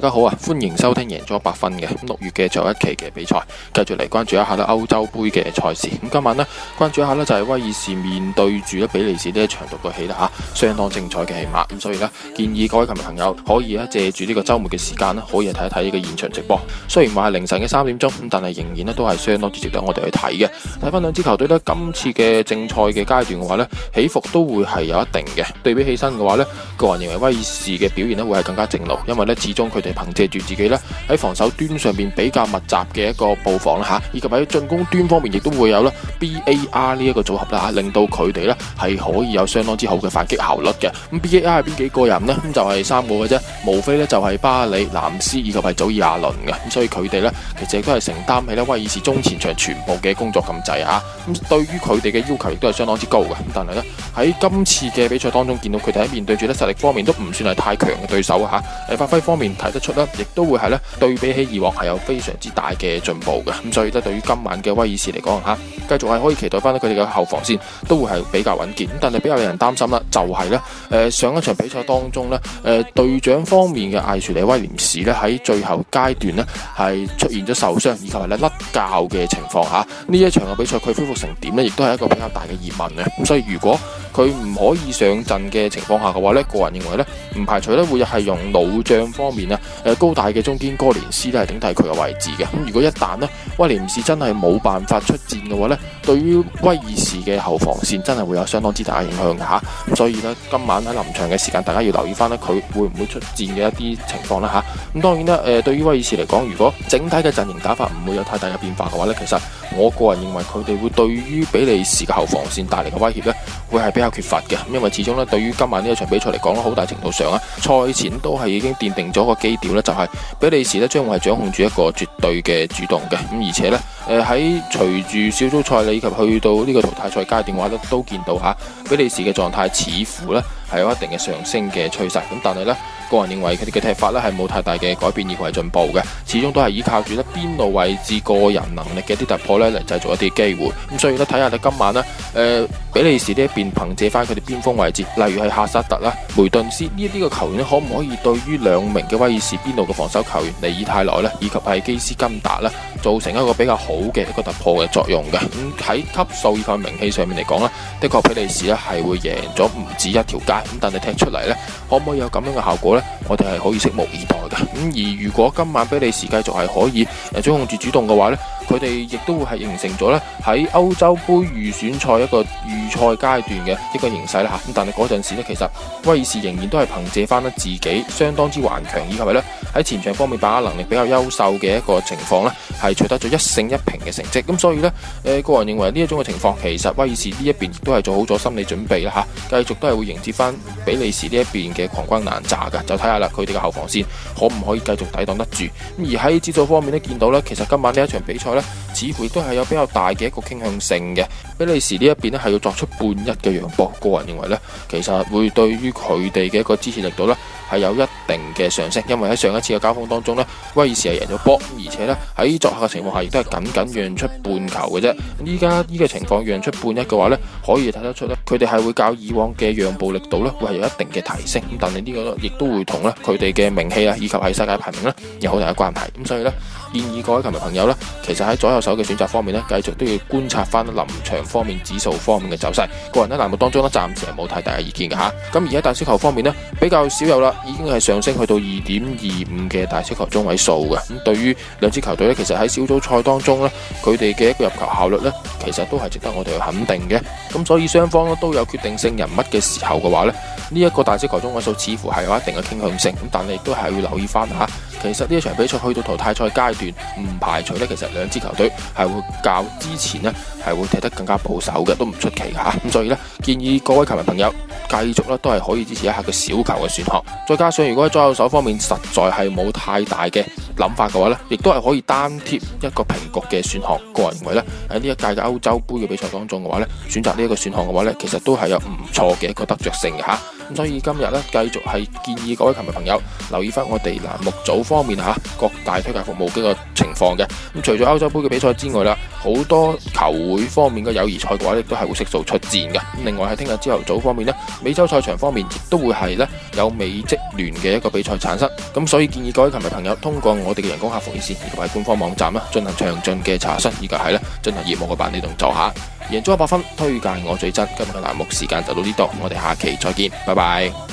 大家好啊！歡迎收聽贏足 100FUN 嘅六月嘅最後一期嘅比賽，繼續嚟關注一下咧歐洲杯嘅賽事。咁今晚呢，關注一下呢就係威爾士面對住咧比利時呢一場獨個戲啦吓，相當精彩嘅戲碼。咁所以呢，建議各位球迷朋友可以咧借住呢個周末嘅時間咧，可以睇一睇呢個現場直播。雖然話係凌晨嘅三點鐘，咁但係仍然咧都係相當之值得我哋去睇嘅。睇翻兩支球隊呢，今次嘅正賽嘅階段嘅話呢，起伏都會係有一定嘅。對比起身嘅話呢，個人認為威爾士嘅表現咧會係更加正路，因為呢始終佢哋。憑借住自己咧喺防守端上面比較密集嘅一個布防啦吓，以及喺進攻端方面亦都會有啦。B A R 呢一個組合啦吓，令到佢哋咧係可以有相當之好嘅反擊效率嘅。咁 B A R 係邊幾個人呢？咁就係、是、三個嘅啫，無非咧就係巴里、藍斯以及係祖爾亞倫嘅。咁所以佢哋咧其實亦都係承擔起咧威爾士中前場全部嘅工作咁滯吓。咁對於佢哋嘅要求亦都係相當之高嘅。咁但係咧喺今次嘅比賽當中見到佢哋喺面對住咧實力方面都唔算係太強嘅對手吓。發揮方面出啦，亦都會係咧對比起以往係有非常之大嘅進步嘅，咁所以咧對於今晚嘅威爾士嚟講吓。繼續係可以期待翻佢哋嘅後防線，都會係比較穩健。但係比較令人擔心啦，就係、是、咧，誒、呃、上一場比賽當中咧，誒、呃、隊長方面嘅艾樹尼威廉士咧喺最後階段咧係出現咗受傷以及係甩骹嘅情況下。呢一場嘅比賽佢恢復成點咧，亦都係一個比較大嘅疑問嘅。咁所以如果佢唔可以上陣嘅情況下嘅話咧，個人認為咧唔排除咧會係用老將方面啊，誒高大嘅中堅哥連斯呢係頂替佢嘅位置嘅。咁如果一旦呢威廉士真係冇辦法出戰嘅話咧，對於威爾士嘅後防線真係會有相當之大嘅影響嘅吓，所以呢，今晚喺臨場嘅時間，大家要留意翻呢佢會唔會出戰嘅一啲情況啦吓。咁當然啦，誒對於威爾士嚟講，如果整體嘅陣容打法唔會有太大嘅變化嘅話呢，其實我個人認為佢哋會對於比利時嘅後防線帶嚟嘅威脅呢，會係比較缺乏嘅，因為始終呢，對於今晚呢一場比賽嚟講，好大程度上呀，賽前都係已經奠定咗個基調呢，就係比利時呢將會係掌控住一個絕對嘅主動嘅。咁而且呢，誒喺隨住小組。賽以及去到呢個淘汰賽階段嘅話咧，都見到嚇，比利時嘅狀態，似乎咧，係有一定嘅上升嘅趨勢，咁但係呢，個人認為佢哋嘅踢法呢係冇太大嘅改變，而係進步嘅，始終都係依靠住呢邊路位置個人能力嘅一啲突破呢嚟製造一啲機會。咁、嗯、所以呢，睇下你今晚呢，誒、呃，比利時呢一邊憑借翻佢哋邊鋒位置，例如係哈薩特啦、梅頓斯呢呢個球員，可唔可以對於兩名嘅威爾士邊路嘅防守球員尼爾泰萊呢，以及係基斯金達呢，造成一個比較好嘅一個突破嘅作用嘅？咁、嗯、喺級數以及名氣上面嚟講呢，的確比利時呢係會贏咗唔止一條街。咁但係踢出嚟呢可唔可以有咁樣嘅效果呢？我哋係可以拭目以待嘅。咁而，如果今晚比利時繼續係可以誒掌控住主動嘅話呢，佢哋亦都會係形成咗呢，喺歐洲盃預選賽一個預賽階段嘅一個形勢啦吓。咁但係嗰陣時呢，其實威爾士仍然都係憑借翻呢自己相當之頑強，以及呢喺前場方面，把握能力比較優秀嘅一個情況呢係取得咗一勝一平嘅成績。咁所以呢，誒，個人認為呢一種嘅情況，其實威爾士呢一邊亦都係做好咗心理準備啦，吓、啊，繼續都係會迎接翻比利時呢一邊嘅狂轟濫炸噶。就睇下啦，佢哋嘅後防線可唔可以繼續抵擋得住。咁而喺指數方面都見到呢，其實今晚呢一場比賽呢，似乎亦都係有比較大嘅一個傾向性嘅。比利時這一邊呢一邊咧係要作出半一嘅讓步，個人認為呢，其實會對於佢哋嘅一個支持力度呢，係有一定嘅上升，因為喺上一。嘅交鋒當中咧，威爾士係贏咗波，而且咧喺作客嘅情況下，亦都係僅僅讓出半球嘅啫。咁依家呢個情況讓出半一嘅話咧，可以睇得出咧。佢哋係會較以往嘅讓步力度咧，會係有一定嘅提升。咁但係呢個亦都會同咧佢哋嘅名氣啊，以及係世界排名咧有好大嘅關係。咁所以咧，建議各位球迷朋友咧，其實喺左右手嘅選擇方面咧，繼續都要觀察翻臨場方面指數方面嘅走勢。個人喺欄目當中咧暫時係冇太大嘅意見嘅吓。咁、啊、而家大小球方面咧，比較少有啦，已經係上升去到二點二五嘅大小球中位數嘅。咁對於兩支球隊咧，其實喺小組賽當中咧，佢哋嘅一個入球效率咧，其實都係值得我哋去肯定嘅。咁所以雙方都有決定性人物嘅時候嘅話呢，呢一個大師球中位數似乎係有一定嘅傾向性，咁但你亦都係要留意翻下，其實呢一場比賽去到淘汰賽嘅階段，唔排除呢，其實兩支球隊係會較之前呢係會踢得更加保守嘅，都唔出奇嚇。咁所以呢，建議各位球迷朋友，繼續咧，都係可以支持一下個小球嘅選項，再加上如果喺左右手方面實在係冇太大嘅諗法嘅話咧，亦都係可以單貼一個平局嘅選項。個人認為咧，喺呢一屆嘅歐洲盃嘅比賽當中嘅話咧，選擇呢一個選項嘅話咧，其實都係有唔錯嘅一個得着性嘅吓。咁所以今日咧，繼續係建議各位球迷朋友留意翻我哋欄目組方面吓各大推介服務呢個情況嘅。咁除咗歐洲杯嘅比賽之外啦，好多球會方面嘅友誼賽嘅話亦都係會悉數出戰嘅。另外喺聽日朝後早方面咧，美洲賽場方面亦都會係咧有美職聯嘅一個比賽產生。咁所以建議各位球迷朋友通過我哋嘅人工客服熱線，以及係官方網站啦，進行詳盡嘅查詢，以及係咧進行業務嘅辦理同做下。贏足 100FUN，推介我最真。今日嘅欄目時間就到呢度，我哋下期再見，拜拜。